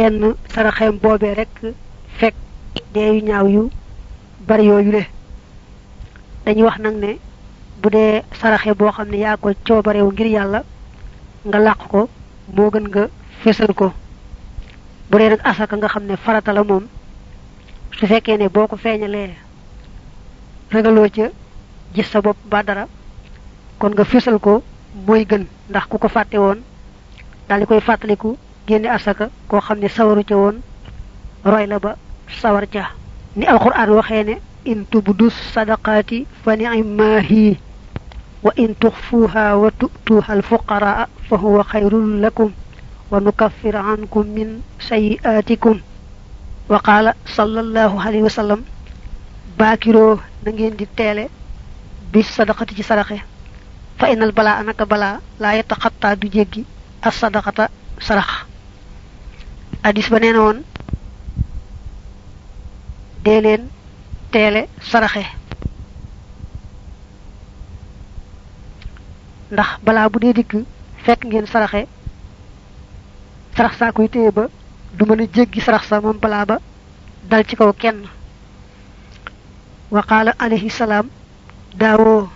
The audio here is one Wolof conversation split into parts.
benn saraxeem boobee rek fekk dee yu ñaaw yu bari yooyu le dañuy wax nag ne bu dee saraxe boo xam ne yaa ko coobarewu ngir yàlla nga làq ko moo gën nga fésal ko bu dee nag asaka nga xam ne farata la moom su fekkee ne boo ko feeñalee ragaloo ca gis sa bopp ba dara kon nga fésal ko mooy gën ndax ku ko fàtte woon daal di koy fàttaliku génne asaka koo xam ne sawaru ca woon roy la ba sawar ca ni alquran waxee ne in tubdu sadaqaati fa ni'maa hi wa in tuxfuuha wa tu'tuuha alfuqaraa fa huwa xayrun lakum wa nukaffir ankum min sayi'aatikum wa qaala sallallahu alayhi wa sallam baakiroo na di teele bi sadaqati ci sadaxe fa inal balaa naka balaa laa yataxattaa du jéggi as sadaqata sarax addis ba nee woon dee leen teele saraxe ndax balaa bu dee dikk fekk ngeen saraxe sarax saa koy téye ba du mën a jéggi sarax sa moom balaa ba dal ci kaw kenn wa qaala salaam daawoo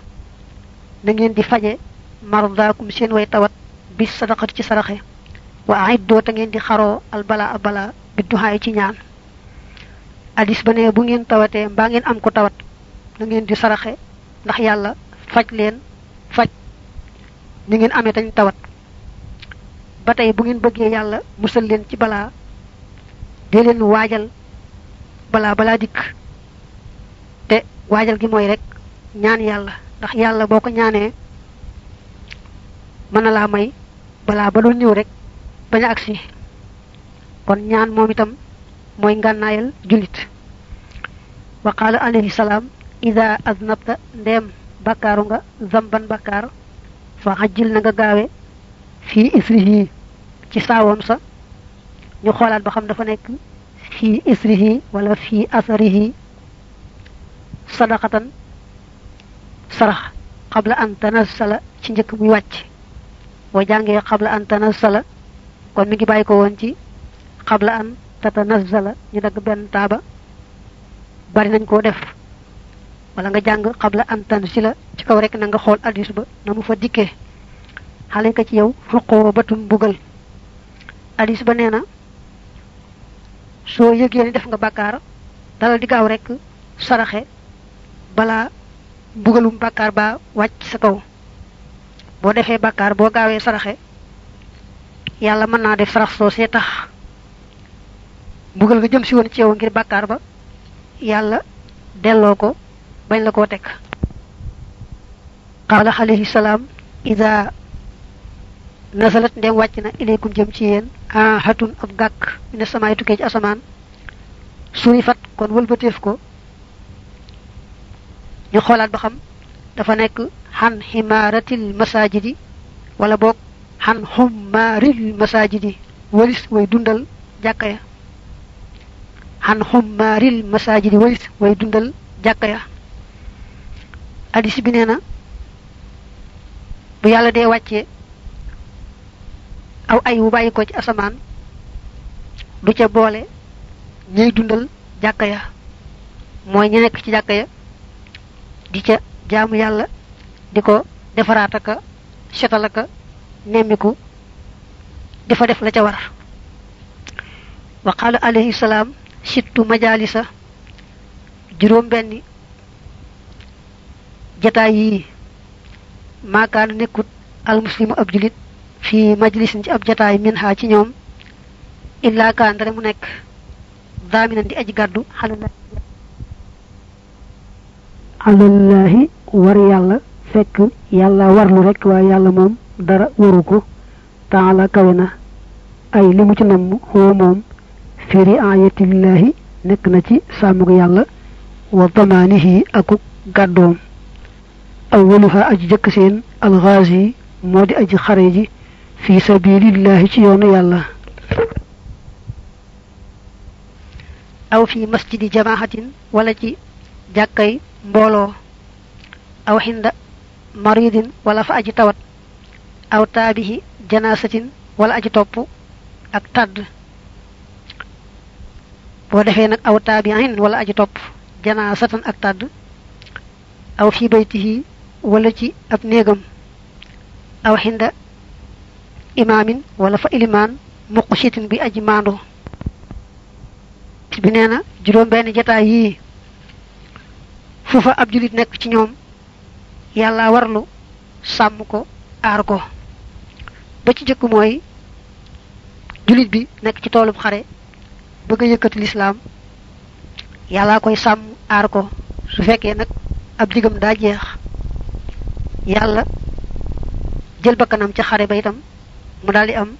na ngeen di faje mardaakum seen way tawat bi sadaqat ci saraxe ay aiddu a ngeen di xaroo al a bala bi duxaay ci ñaan addis ba ne bu ngeen tawatee mbaa ngeen am ko tawat na ngeen di saraxe ndax yàlla faj leen faj ñu ngeen amee tañ tawat ba tey bu ngeen bëggee yàlla musal leen ci balaa dee leen waajal balaa balaa dikk te waajal gi mooy rek ñaan yàlla ndax yàlla boo ko ñaanee mën na laa may balaa ba doon ñëw rek bañ a agsi kon ñaan moom itam mooy ngànnaayal jullit wa qaala alayhi salaam ida aznabta ndeem bakkaaru nga zamban bakkaar fa xajjil na nga gaawe fii isrihi ci saawoom sa ñu xoolaat ba xam dafa nekk fii isrihi wala fii asarihi sadaqatan sarax qabla an tanassala ci njëkk muy wàcc boo jàngee qabla an tanassala kon mi ngi bàyyi ko woon ci xabla an la ñu dagg benn taaba bari nañ koo def wala nga jàng xabla an tanzila ci kaw rekk na nga xool addis ba na mu fa dikkee xale nga ci yow fuqoo batum bugal addis ba na soo yëgee ni def nga bakkaar dalal di gaaw rek saraxe balaa bugalum bakkaar ba wàcc sa kaw boo defee bakkaar boo gaawee saraxe yàlla mën naa def rax see tax mbugal nga jëm si woon ci ngir bàkkaar ba yàlla delloo ko bañ la koo teg qaala alayhi salaam ida nasalat ndem wàcc na ilaykum jëm ci yéen a ab gàkk ne samaay tukkee ci asamaan suy fat kon wëlbateef ko ñu xoolaat ba xam dafa nekk xan ximaaratil masaajidi wala boog xan xummaaril masaajidi walis way dundal jàkka ya xan xummaaril masaajidi walis way dundal jàkk ya addis bi nee na bu yàlla dee wàccee aw ay wu bàyyi ko ci asamaan du ca boole ñay dundal jàkk ya mooy ñi nekk ci jàkka ya di ca jaamu yàlla di ko defaraat aka setal aka nemmiku di fa def la ca war wa qaala alayhi salaam sittu majaalisa juróom benni jataay yii maakaana nekkut almuslimu ab julit fii majlisin ci ab jataay min ci ñoom illaa kaan mu nekk daaminan di aji gàddu alallahi war yàlla fekk yàlla warlu rekk waaye yàlla moom dara waru ko taala kawe na ay li ci namm xoo moom fi riayatillaahi nekk na ci sàmmug yàlla wa damaanihi akuk gàddoom awwaluha aji jëkk seen alxaazi moo di aji xare ji fi sabilillahi ci yoonu yàlla aw fi masjidi jamaahatin wala ci jàkkay mbooloo aw xinda maridin wala fa aji tawat aw taabihi janaasatin wala aji topp ak tàdd boo defee nag aw taabihin wala aji topp janaasatan ak tàdd aw fii baytihi wala ci ab néegam aw xinda imaamin wala fa ilimaan muq sitin bi aji maando bi nee na juróom benn jataay yii fu fa ab julit nekk ci ñoom yàlla warlu sàmm ko aar ko ba ci jëkk mooy jullit bi nekk ci toolub xare bëgg a yëkkati lislaam yàllaa koy sàmm aar ko su fekkee nag ab digam daa jeex yàlla jël bakkanam ca xare ba itam mu daal di am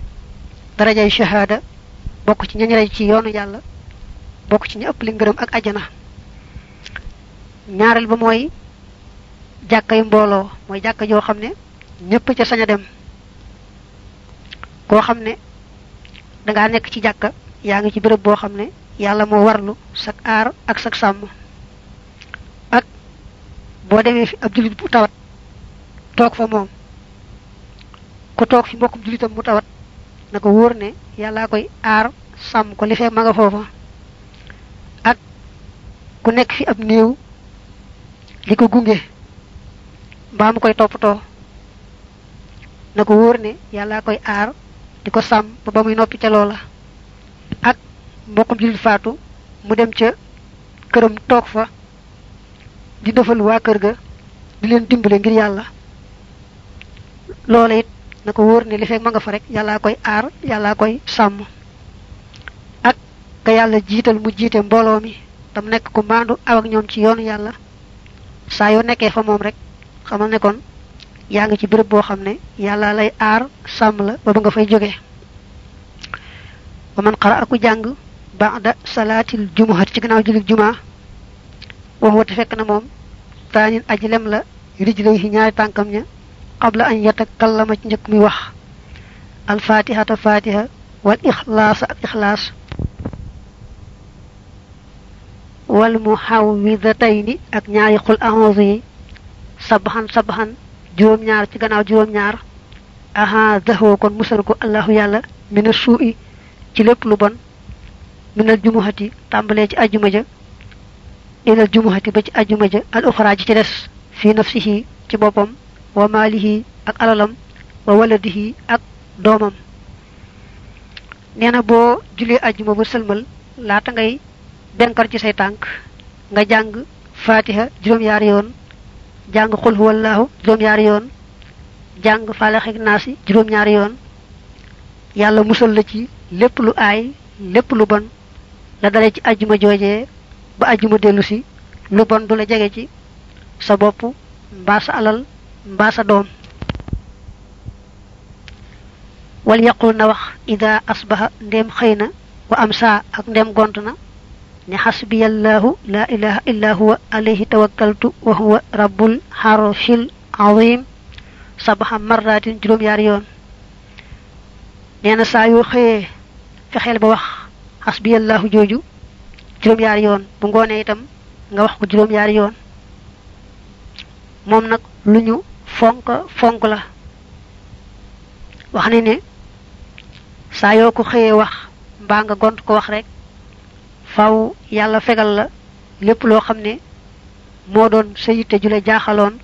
darajay shahaada bokk ci ñañ rey ci yoonu yàlla bokk ci ñu ëpp li ngërëm ak ajana ñaareel ba mooy jàkkay mbooloo mooy jàkka joo xam ne ñépp ca saña dem boo xam ne danga nekk ci jàkka yaa ngi ci béréb boo xam ne yàlla moo warlu sak aar ak sak sàmm ak boo demee fi ab jullit bu tawat toog fa moom ku toog fi mbokkum jullitam mu tawat na ko wóor ne yàllaa koy aar sàmm ko li fee ma foofa ak ku nekk fi ab néew li ko gunge mbaa mu koy toppatoo na ko wóor ne yàllaa koy aar di ko sàmm ba ba muy noppi ca loola ak mbokkum jullit faatu mu dem ca këram toog fa di defal waa kër ga di leen dimbale ngir yàlla loola it na ko wóor ne li fekk ma nga fa rek yàllaa koy aar yàllaa koy sàmm ak ka yàlla jiital mu jiite mbooloo mi tam nekk ko maandu aw ñoom ci yoonu yàlla saa yoo nekkee fa moom rek xamal ne kon yaa ngi ci béréb boo xam ne yàlla lay aar sàmm la ba ba nga fay jóge wa man xara aku jàng ba'da salaatil ci gannaaw jullit jumaa waxu te fekk na moom taanin aji lem la rij lay ñaari tànkam ña qabla an yatakallama ci njëkk muy wax alfatihata fatiha wal ixlaasa ak ixlaas wal muhawwidatayni ak ñaari xul a'uuzu yi sabaxan sabaxan juróom-ñaar ci gannaaw juróom-ñaar aha zaxoo kon musal ko allahu yàlla mina suu'i ci lépp lu bon minal jumuhati tàmbalee ci ajjuma ja ilal jumuhati ba ci ajjuma ja al uxraa ci des fi fii nafsihi ci boppam wa maalihi ak alalam wa waladihi ak doomam nee na boo julee ajjuma ba sëlmal laata ngay benkar ci say tànk nga jàng faatiha juróom-yaari yoon jàng xul huwallaahu juróom-ñaari yoon jàng faalaxeek naas yi juróom-ñaari yoon yàlla musal la ci lépp lu aay lépp lu bon la dalee ci ajjuma joojee ba ajjuma dellu si lu bon du la jege ci sa bopp mbaa sa alal mbaa sa doom wal yaqul na wax ida asbaha ndéem xëy na wa am saa ak ndéem gont na ni xasbiyallahu laa ilaha illa huwa alayhi tawakkaltu wa huwa rabbul xarshil azim sabaxa marratin juróom-yaari yoon nee saa yoo xëyee fexeel ba wax xasbiyallahu jooju juróom-yaari yoon bu ngoonee itam nga wax ko juróom-yaari yoon moom nag lu ñu fonk fonk la wax ne ne saa yoo ko xëyee wax mbaa nga gont ko wax rek faw yàlla fegal la lépp loo xam ne moo doon sa yitte ju la jaaxaloon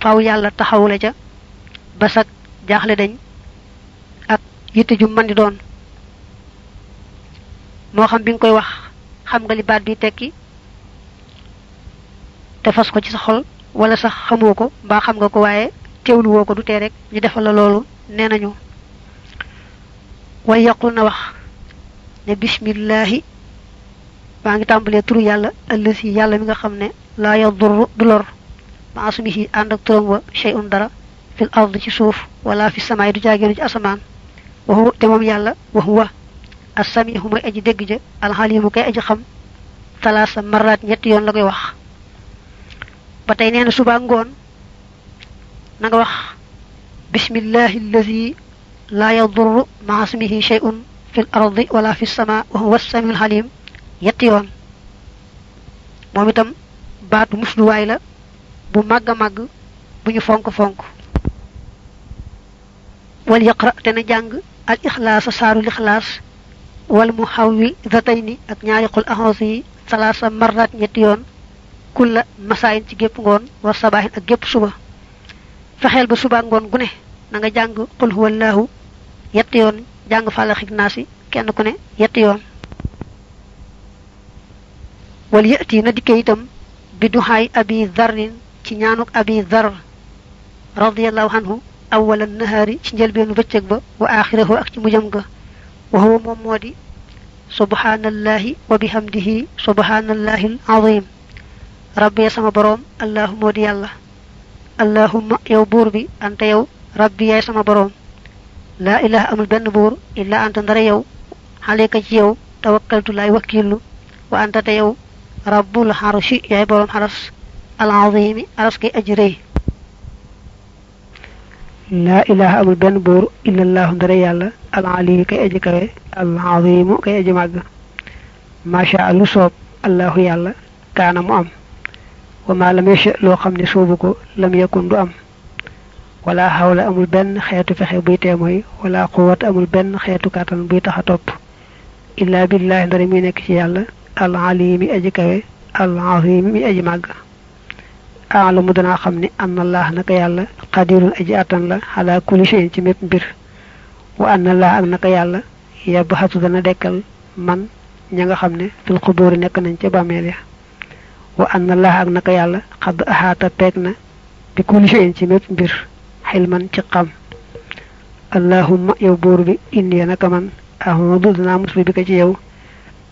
faw yàlla taxawu la ca ba sag jaaxle dañ ak yitte ju mën di doon moo xam bi nga koy wax xam nga li baat bi tekki te fas ko ci sa xol wala sax xamoo ko mbaa xam nga ko waaye teewlu woo ko du tee rekk ñu defal la loolu nee nañu way yaqul na wax ne bismillahi baa ngi tàmbalee turu yàlla ëllësi yàlla mi nga xam ne laa yadurru du ma asmihi ànd ak turam dara fil ard ci suuf wala fi samaay du jaageenu ci asamaan wa huwa te yàlla wa huwa as-samihu mooy aji dégg ja alxalimu kay aji xam talaasa marraat ñetti yoon la koy wax ba tey nee na subaa ngoon na wax bismillahi allazi laa yadurru ma asmihi shay'un fil ardi wala fi samaa wa huwa as-samiul xalim ñetti yoon moom itam baatu musluwaay la bu màgg a màgg bu ñu fonk-fonk wal yaqra te na jàng al ixlaasa saarul ixlaas wal mu xaw wi ni ak ñaari xul ahons yi salaasa marraat ñetti yoon kulla masaayin ci gépp ngoon war sabaahin ak gépp suba fexeel ba suba ngoon gu ne na nga jàng qul huwallaahu yetti yoon jàng fàllaxig naasi kenn ku ne yetti yoon wal yati na dikke itam bi duxaay abi darrin ci ñaanuk abi dar radiallahu anhu awala nahaari ci njëlbeenu bëccëg ba wa axirahu ak ci mujjam ga wa huwa moom moo subhaanallahi wa bihamdihi subhaanallahi al azim rabbi sama yow buur anta yow rabbi yaay sama boroom laa ilaha amul benn buur illaa anta ndara yow xaleyka ci tawakkaltu laay wakkiilu wa anta te yow rabbul xarshi yaay boroom xaras alazimi aras amul benn buur illallahu ndare yàlla alali kay aji kawe alazimu kay aji màgg macha lu soob allahu yàlla kaana mu am wa ma lam yacha loo xam ne soobu ko lam yakun du am wala xawla amul benn xeetu fexe buy teemooy wala quwwata amul benn xeetu kàttan buy tax a topp illaa billahi ndare muy nekk ci yàlla al alimi aji kawe al xam ni an allah naka yàlla qadirun aji attan la ala kulli shay'in ci mépp mbir wa an allah ak naka yàlla yabxatu dana dekkal man ña nga xam ne fil xubóori nekk nañ ca bàmmeel ya wa an allah ak naka yàlla xadd axaata peeg na bi kulli shay'in ci mépp mbir xilman ci xam allahumma yow buur bi indi naka man ahudu danaa musli bi ko ci yow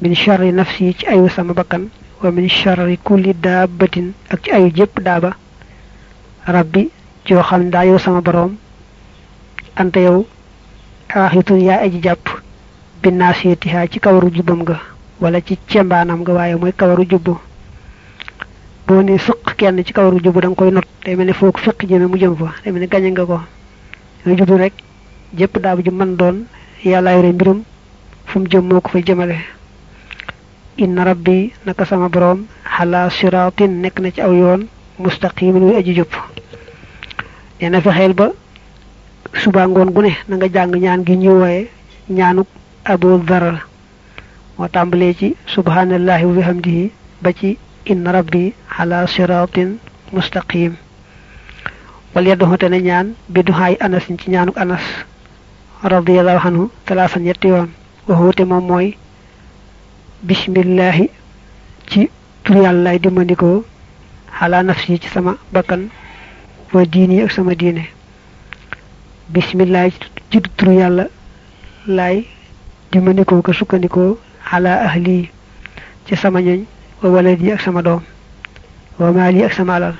min sharri nafsi ci ayu sama bakkan wa min sharri kulli daabatin ak ci ayu jépp daaba rabbi joo xam ne daa sama boroom anta yow aaxitun yaa aji jàpp bi naasiyatiha ci kawaru jubbam nga wala ci cembaanam ga waaye mooy kawaru jubbu boo ne suq kenn ci kawaru jubbu da nga koy not day mel ne foo ko fekk mu jëm fa day mel ne gañe ko nga jublu rek jépp daaba ju mën doon yàllaa yore mbirum fu mu jëm moo ko fay jëmale inna rabbi naka sama boroom xalaa siraatin nekk na ci aw yoon mustaqimin wi aji jub nee na fexeel ba suba ngoon gu na nga jàng ñaan gi ñu wooye ñaanuk abu dhar moo tàmbalee ci subhanallahi wa bihamdihi ba ci inna rabbi ala siratin mustaqim wal yaddoxate ne ñaan bi duxaay anasin ci ñaanuk anas radiallahu anhu talaasan ñetti yoon waxuute moom mooy bismillaahi ci tur yàllaay dimmandikoo xalaa nafsi ci sama bakkan wa diini ak sama diine bismillaahi ci tur yàlla laay dimmandikoo ko sukkandikoo xalaa ahli ci sama ñoñ wa waladi ak sama doom wa maali ak sama alal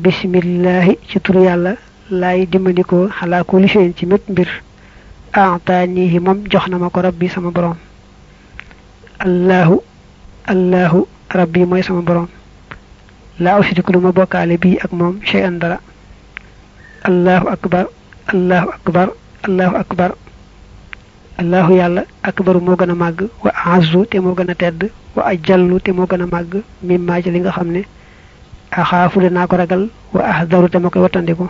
bismillaahi ci tur yàlla laay dimmandikoo xalaa kulli shay'in ci mépp mbir aataanihi moom jox na ma ko rab bi sama borom allahu allahu rabbi mooy sama borom laa usriku lu ma bokkaale bii ak moom shay'an dara allahu akbar allahu akbar allahu akbar allahu yàlla akbaru moo gën a màgg wa azzu te moo gën a tedd wa ajallu te moo gën a màgg mimmaa li nga xam ne axaafu naa ko ragal wa ahdaru te ma koy wattandiku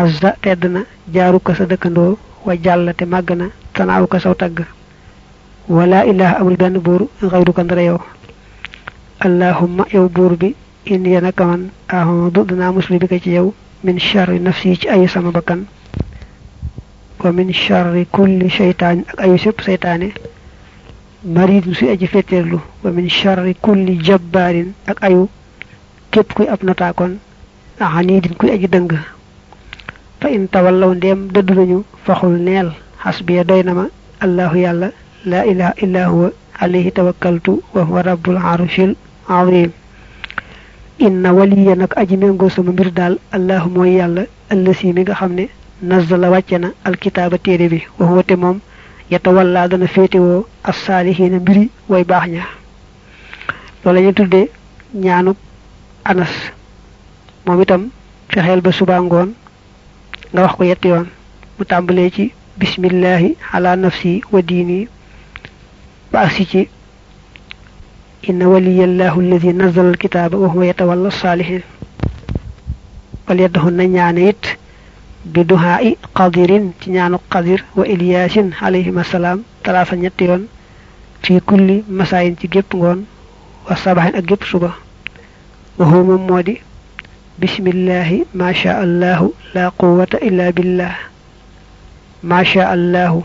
azza tedd na jaaru ko sa dëkkandoo wa jàll te màgg na tanaaw ko saw tagg wala ilaha amul benn buur xayruka ndara yow allahumma yow buur bi inni naka man a'udhu danaa musli bi ko ci yow min sharri nafsi ci ayu sama bakkan wa min sharri kulli shaytaan ak ayu sépp seytaane marid suy aji fetteerlu wa min sharri kulli jabbaarin ak ayu képp kuy ab notaakoon ahanidin kuy aji dëng fa in tawallaw ndeem dëddu nañu faxul neel xas bi doy na ma allahu yàlla laa ilaha illa huwa alayhi tawakkaltu wa huwa rabbul arshil azim inna waliya nag aji méngoo sama mbir daal allahu mooy yàlla allasi mi nga xam ne nazala wàcce na alkitaaba téere bi wa huwa te moom yatawalla dana féetewoo assaalihiina mbiri way baax ña loolu la ñu tuddee ñaanuk anas moom itam xel ba suba ngoon nga wax ko yetti yoon mu tàmbalee ci bismillahi ala nafsi wa diini ba agsi ci inna waliyallahu alladi nazala alkitaaba wa huwa yatawalla saalihin wal yaddahu na ñaane it bi duhaa i qadirin ci ñaanu qadir wa iliyaasin alayhima salaam talaasa ñetti yoon fii kulli masaayin ci gépp ngoon wa sabaxin ak gépp suba wa huwa moom moo di bismillahi ma sha allahu la quwwata illa billah ma sha allahu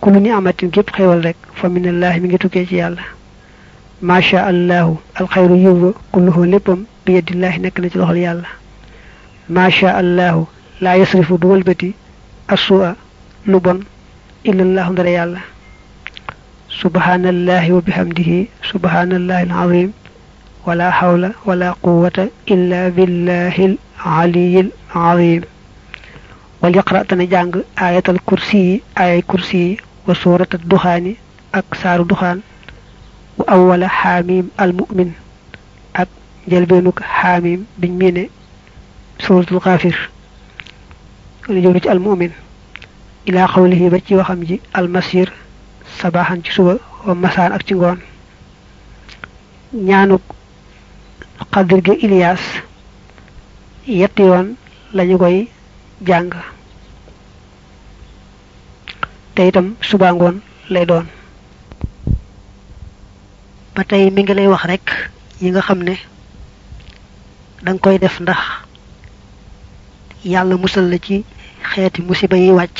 kullu ni amatin gépp xéewal rek fa minallahi mi ngi tukkee ci yàlla macha allahu alxayru yiw wa kulluhu léppam bi yadillahi nekk na ci loxol yàlla macha allahu laa yasrifu du walbati asua lu bon illallahu ndara yàlla subhanallahi wa bihamdihi subhanallahi alazim wala hawla wala quwwata illa billahi alaliyil azim wal yaqra tane jàng ayatal kursi yi ayay kursi wa suurata duxaani ak saaru duxaan wa awwala xaamim al mu'min ak njëlbeenuk xaamim biñ miine suuratul xaafir lu jëm ci al mu'min ilaa xawlihi ba ci waxam ji al masir sabaaxan ci suba wa masaan ak ci ngoon ñaanuk xadir gi Ilias yetti yoon lañu koy jàng te itam suba ngoon lay doon ba tey mi ngi lay wax rek yi nga xam ne danga koy def ndax yàlla musal la ci xeeti musiba yi wàcc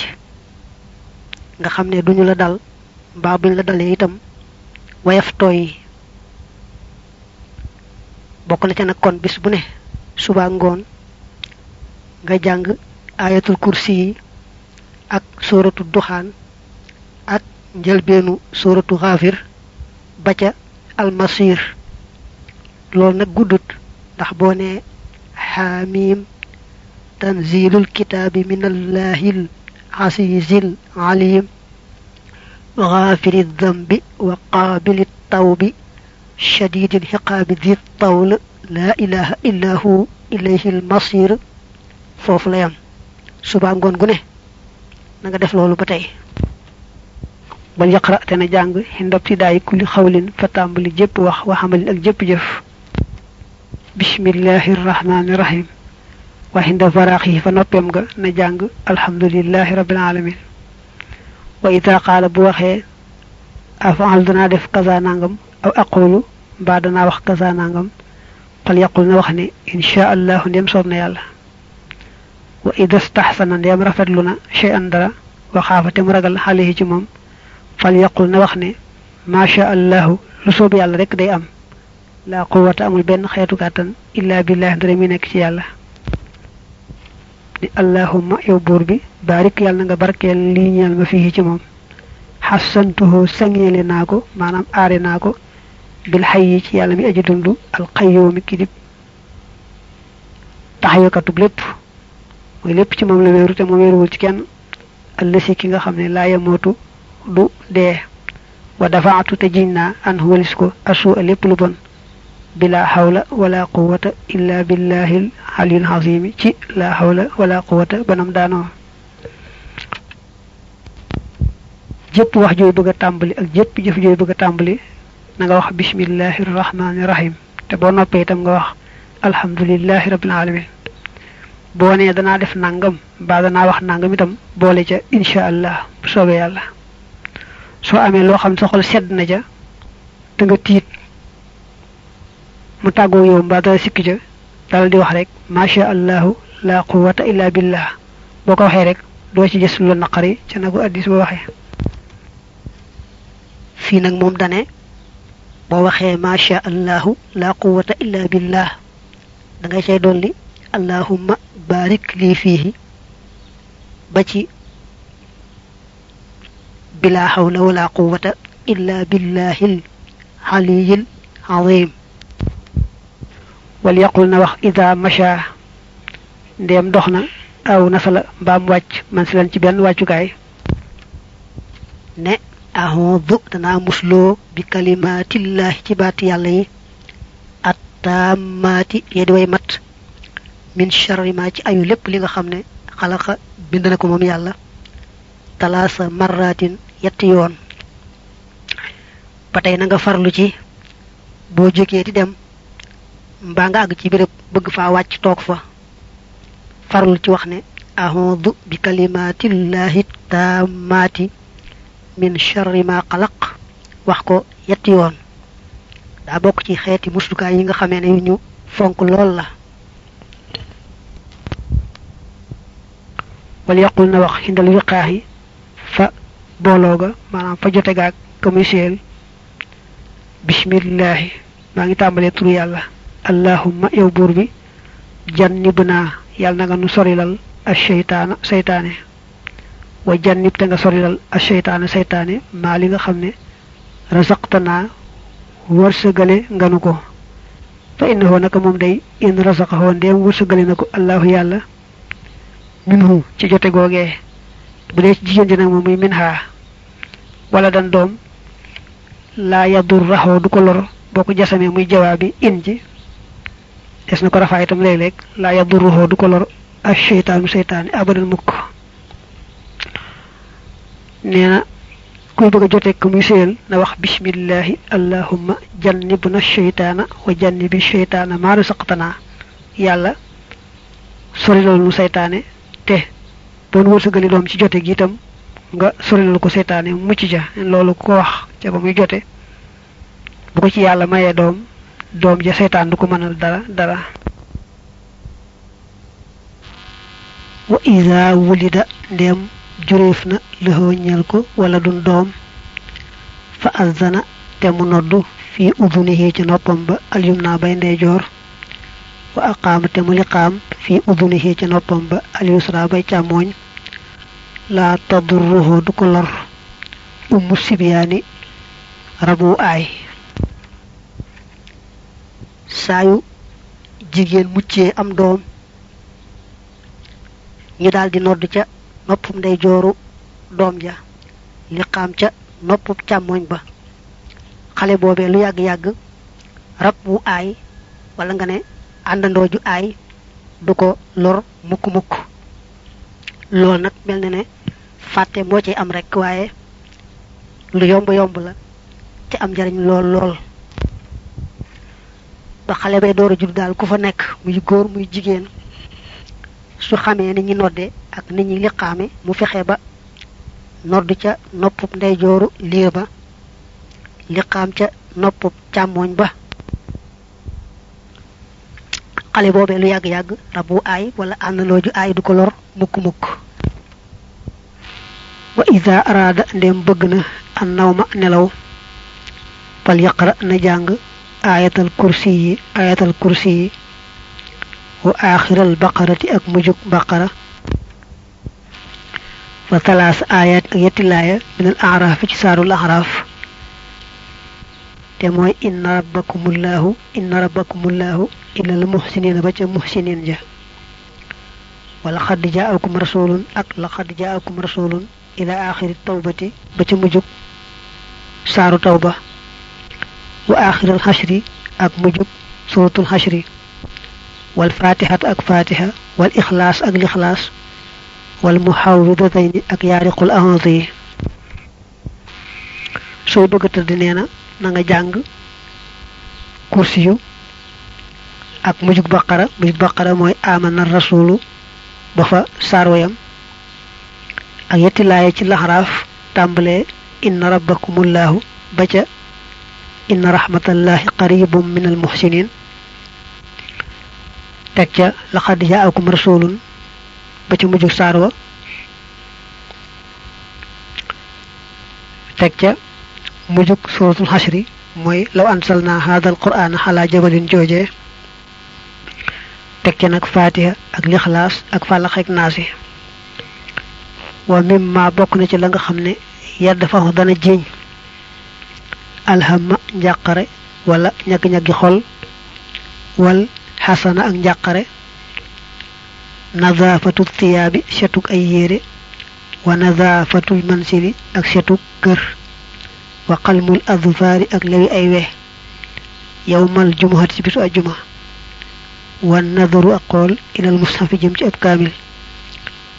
nga xam ne duñu la dal mbaa buñ la dalee itam wayaf tooy bokk na ca nag kon bu ne suba ngoon nga jàng ayatul kursi yi ak sóoratu duxaan ak njëlbeenu suuratu xaafir ba ca almasir loolu nag guddut ndax boo nee xaamiim tanzilul kitaabi min allaahil asiisil aliim xaafiri dambi wa qaabili tawbi shadidil xiqaabi di tawl laa ilaha illa hu ilayhil masir foofu la yam suba ngoon gu def loolu ba tey bal yaqra te na jàng xindabti daayi kulli xawlin fa tàmbali jëpp wax waxamalin ak jëpp jëf bismillahi rahmaani rahim wa fa noppeem nga na jàng alhamdulillahi rabbil alamin wa ita qaala bu waxee afaal danaa def kaza aw aqulu mbaa wax kaza nangam fal yaqul na wax ne insha allahu ndem soob na yàlla wa ida staxsana ragal xale yi ci moom fal yaqul na wax ne macha allahu lu soob yàlla rek day am laa quwwata amul benn xeetu kàttan illaa billaah ndare mi nekk ci yàlla ni allahumma yow buur bi baarik yàlla nga barkeel lii ñeel ma fii ci moom xasantuhu sañeele naa ko maanaam aare naa ko bil xay yi ci yàlla mi aji dund alqayyoomi ki dib taxawakatub lépp mooy lépp ci moom la wéeru te mu wéeruwul ci kenn allësi ki nga xam ne laa yamootu du dee wa dafaatu te jiñ an walis ko asu a lépp lu bon bila xawla wala quwata illa billahil aliyul azimi ci la xawla wala quwata banam daanoo jëpp wax jooy bëgg a tàmbali ak jëpp jëf jooy bëgg tàmbali na nga wax bismillahi rahmaani rahim te boo noppee itam nga wax alhamdulillahi rabbil alamin boo nee danaa def nangam mbaa danaa wax nangam itam boole ca incha allah bu soobee yàlla soo amee loo xam ne sa xol sedd na ca te tiit mu tàggoo yow mbaa dara sikki ja dal di wax rek macha allahu la quwata illa billah boo ko waxee rek doo ci gis lu naqari ca nagu addis boo waxee fii nag moom dane boo waxee macha allahu la quwata illa billah da ngay cay dolli allahumma barik lii fiihi ba ci bila hawla wala quwwata illa billahil aliyil azim wal yaqul na wax ida macha ndéem dox na aw nasala mbaam wàcc man si leen ci benn wàccukaay ne ahodu danaa musloo bi kalimaatillaahi ci baati yàlla yi attaamaati yee di way mat min sharri ma ci ayu lépp li nga xam ne xalaqa bind na ko moom yàlla talaasa marratin yetti yoon ba tey na nga farlu ci boo jógee di dem mbaa nga àgg ci béréb bëgg fa wàcc toog fa farlu ci wax ne ahodu bi kalimatillahi taamaati min charri ma wax ko yetti yoon daa bokk ci xeeti muslukaay yi nga xamee ne yu ñu fonk lool la wal yaqul na wax xindal fa booloo ga fa jote gaag ka muy séel bismillaahi maa ngi tàmbalee turu yàlla allahumma yow buur bi jannib naa yàlla na nga nu sorilal ak seytaana seytaane wa jannib te nga sorilal ak seytaana seytaane maa li nga xam ne rasaqta naa wërsëgale nga nu ko fa innahu naka moom day in rasaqahu ndéem wërsëgale na ko allahu yàlla minhu ci googee bu dee ci jigéen ji nag moom muy minha wala dan doom laa yadur raxoo du ko lor boo ko jasamee muy jawaab bi des na ko rafaa itam léeg-léeg laa yadur du ko lor ak seytaanu seytaani abadan mukk nee na kuy bëgg a joteeg muy séyal na wax bismillahi allahumma jannibna seytaana wa jannibi seytaana maa rasaqtanaa yàlla sori loolu nu te doon wërsëgali doom ci jote gi itam nga sorilal ko seetaane mucc ja loolu ko wax ca ba muy jote bu ko ci yàlla mayee doom doom ja seetaan du ko mënal dara dara wa isa wulida ndeem juréef na lëxoo ko wala dun doom fa azana te mu noddu fii udunihi ci noppam ba alyum naa bay ndeyjoor wa aqaama te ca noppam ba al càmmooñ laa tadurruhu du ko lor ummu sibiyaani rabu aay saayu jigéen muccee am doom ñu daldi nodd ca noppum ndey jooru doom ja liqaam ca noppum càmmooñ ba xale boobee lu yàgg-yàgg rab wu aay wala nga ne àndandoo ju aay du ko lor mukk-mukk loolu nag mel na ne fàtte moo ci am rekk waaye lu yomb yomb la te am njariñ lool lool ba xale bay door a daal ku fa nekk muy góor muy jigéen su xamee ni ñi nodde ak nit ñi liqaame mu fexe ba nodd ca noppub ndeyjooru liir ba liqaam ca noppub càmmooñ ba xale boobee lu yàgg-yàgg rab wu aay wala àndandoo ju aay du ko lor mukk-mukk wa ida araada ndem bëgg na an naw ma nelaw fal na jàng ayatal kursi yi ayatal kursi wa aaxiral baqarati ak mujug baqara wa talaas ayat ak yetti laaya minal araaf ci saarul araaf te mooy inna rabbakumullahu inna rabbakumullahu illal muhsiniina ba ca muhsiniin ja wala xadd jaakum rasulun ak la xadd jaakum rasulun ila axiri tawbati ba ca mujjug saaru tawba wa axiril xashri ak mujjug suratul xashri wal faatixat ak faatixa wal ixlaas ak lixlaas wal muxawidatayni ak yaari qul ahanse yi soo bëgga tëdd nee na na nga jàng kursi yu ak mujug baqara mooy amana rasulu ba fa saarwayam ak yetti laaye ci laxaraaf tàmbalee inna rabbakumullaahu ba ca inna rahmatallahi qaribum min al muhsinin teg ca laqad jaakum rasulun ba ca mujjug saarwa teg ca mu mujjug suratul xasri mooy law ansalna haadal quraan xalaa jabalin joojee teg nag faatiha ak lixlaas ak fàllax naasi wa mimma bokk na ci la nga xam ne yàdd fa dana jiiñ alhamma njàqare wala ñagg-ñaggi xol wal xasana ak njàqare nazaafatu thiyaabi setug ay yére wa nazaafatul mansili ak setug kër wa xalmul adfaari ak lewi ay yow yowmal jumuhat ci bisu ajjuma wa nadaru ak xool ilal mushafi jëm ci ab kaamil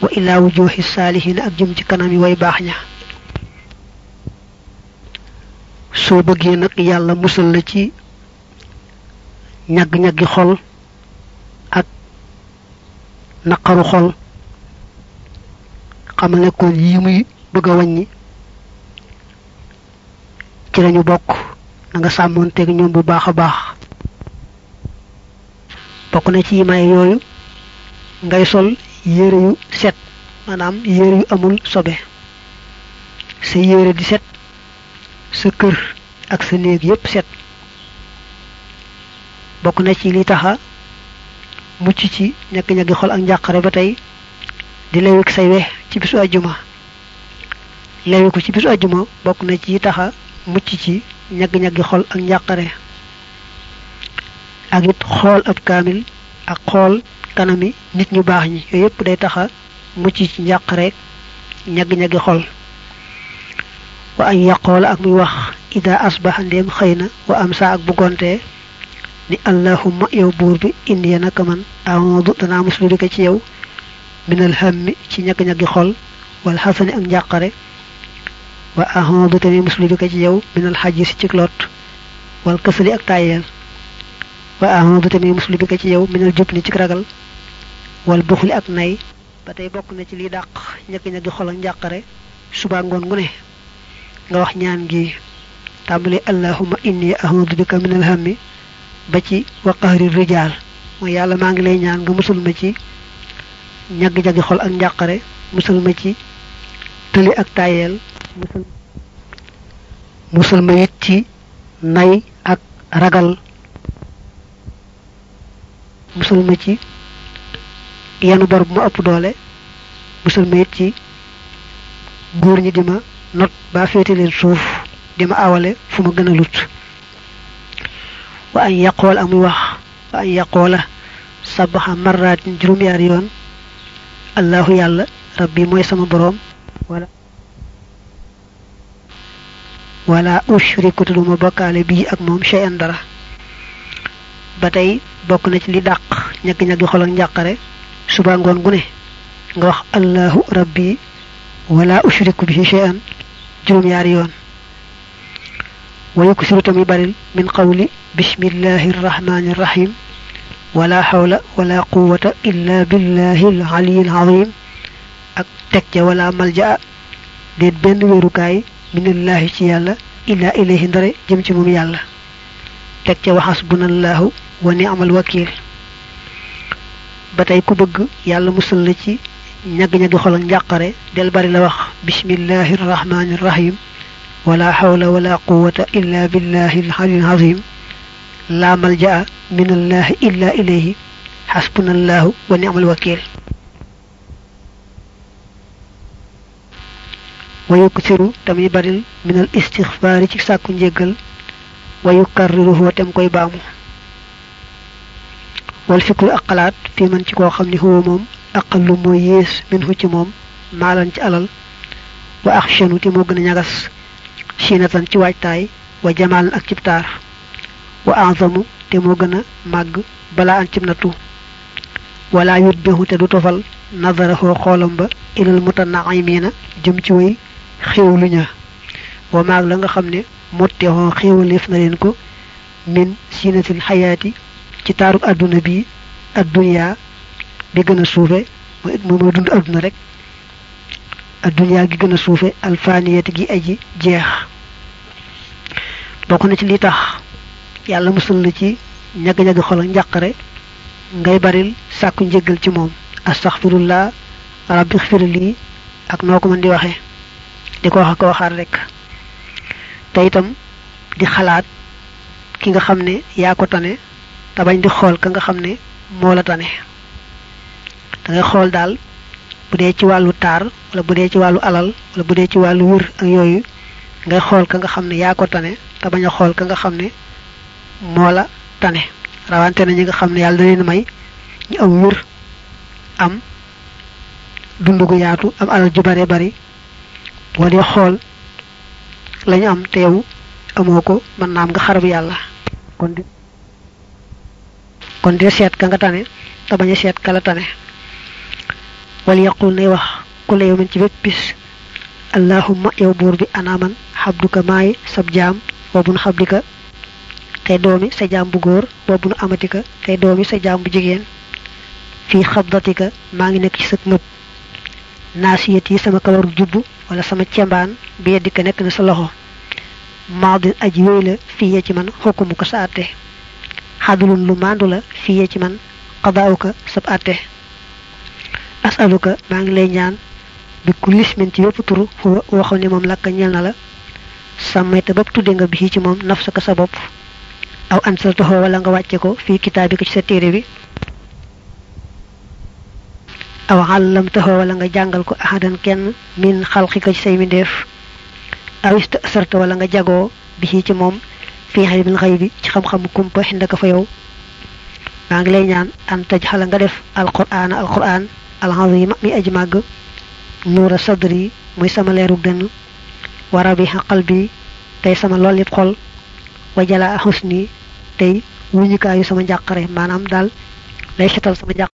wa ilaa wujuhi saalihiina ak jëm ci kanam yi way baax ña soo bëggee nag yàlla musal la ci ñagg-ñaggi xol ak naqaru xol xamal ne kon yi muy bëgg a ci lañu bokk na nga sàmmoonteeg ñoom bu baax a baax bokk na ci may yooyu ngay sol yére yu set maanaam yére yu amul sobe sa yére di set sa kër ak sa néeg yépp set bokk na ci li taxa mucc ci ñakki-ñakki xol ak njàqare ba tey di lewik say wex ci bisu àjjuma ma ko ci bisu àjjuma bokk na ci taxa mucc ci ñagg-ñaggi xol ak njàqare ak it xool ab kaamil ak xool kanami nit ñu baax ñi yooyu yëpp day taxa mucc ci njàqare ñagg-ñaggi xol wa an yaqoola ak muy wax ida asbaxa ndéem xëy na wa am saa ak bu gontee ni allahumma yow buur bi indiya naka man amodu danaa muslu di ko ci yow minal hammi ci ñagg-ñaggi xol wala xasani ak njàqare waa ahondu te mi muslu jóge ci yow minal xaj si ci lot wal kësali ak tàyyeel waa ahondu te mi muslu jóge ci yow minal jubli ci ragal wal buxli ak nay ba tey bokk na ci liy dàq ñekk ña di xol ak njàqare suba ngoon gu ne nga wax ñaan gi tàmbali allahuma inni ahondu bika minal hammi ba ci wa qahri rijaal mooy yàlla maa ngi lay ñaan nga musul ma ci ñagg-jaggi xol ak njàqare musul ci tëli ak tàyyeel musal ma it ci nay ak ragal musal ma ci yanu bor bu ma ëpp doole musal ma it ci góor ñi di ma not ba féete leen suuf di ma awale fu ma gën a lut wa an yaqool amuy wax wa an yaqoola juróom-yaari yoon allahu yàlla rabbi mooy sama boroom wala wala ushriku te duma bokkaale bii ak moom shay'an dara ba tey bokk na ci li dàq ñaggi-ñaggi xol ak njàqare suba ngoon gu nga wax allahu rabbi wala ushriku bihi shay'an juróom-ñaari yoon wa yuksiru tamit baril min qawli bismillahi rrahmani rrahim wala xawla wala quwata al aliyil ak teg ca wala malja déet benn wéerukaay minallahi ci yàlla ila ilayhi ndare jëm ci moom yàlla teg ca waxas bu nallaahu wa ni'mal wakiil ba tey ku bëgg yàlla musal la ci ñag-ñagi xol ak del bari la wax bismillahi rahmaani rahim wala hawla wala quwwata illa billahi al-aliyyil azim la malja'a minallahi illa ilayhi hasbunallahu wa ni'mal wakiil wayu kasiru tamuy baril minal istixfaari ci sàkku njéggal wayu karriruhu tem koy baamu wal fikru ak xalaat fii man ci koo xam ni huwa moom aqallu mooy yées minhu ci moom maalan ci alal wa axshanu te moo gën a ñagas chinatan ci waajtaay wa jamaalan ak cibtaar wa anzamu te moo gën a màgg balaa an cib nattu wala yut bihu te du tofal nazarahoo xoolam ba ilal mutana'imina jëm ci way xéewlu ña wa maag la nga xam ne mottexoo xéewaleef na leen ko min sinatil xayaati ci taaru àdduna bi ak duniyaa bi gën a suufe moom mooy dund àdduna rek ak gi gën a suufe alfaaniyati gi aji jeex bokk na ci li tax yàlla musal la ci ñagg-ñagg xol ak njàqare ngay baril sàkku njëggal ci moom astaxfirullah rabbi xfir lii ak noo ko mën di waxee di ko wax ko waxaat rek te itam di xalaat ki nga xam ne yaa ko tane te bañ di xool ka nga xam ne moo la tane da ngay xool daal bu dee ci wàllu taar wala bu dee ci wàllu alal wala bu dee ci wàllu wër ak yooyu ngay xool ka nga xam ne yaa ko tane te bañ a xool ka nga xam ne moo la tane rawante na ñi nga xam ne yàlla da na may ñu am wër am dund gu yaatu am alal ju bare bari boo dee xool lañu am teewu amoo ko man naa am nga xarab yàlla kon de kon de seet ka nga tane te bañ seet ka la tane wal yaqul nay wax ku la yawmin ci bépp bis allahumma yow buur bi anaaman xabduka maay sab jaam wabun xabdika tey doomi sa jaam bu góor wabun amatika tey doomi sa jaam bu jigéen fii xabdatika maa ngi nekk ci sëg nëpp naasiyat yi sama kawaru jubb wala sama cembaan bi yeddi nekk na sa loxo maadin aji wéy la fiye ci man xokkumu ko sa àtte xadulun lu maandu la fiye ci man xadaawu ko sab àtte asaluka maa ngi lay ñaan bi ku lismin ci yépp turu waxu ni moom làkk ñel na la sàmmayta bopp tudde nga bi ci moom naf sa ko sa bopp aw ansal taxoo wala nga wàcce ko fii kitaabi ko ci sa téere bi aw àllamtahu wala nga jàngal ko ahadan kenn min xalqika ci say mindeef aw istasarta wala nga jagoo bi ci moom fii ilmil xaybi ci xam-xamu kumpa xindaka fa yow maa ngi lay ñaan an taj xala nga def alquraan alquraan alazima mi aji màgg nuura sadri muy sama leerug dënn wa rabiha qalbi tey sama lool yëpp xol wa jalaa xusni tey wuñikaayu sama njàqare maanaam daal lay setal sama njàq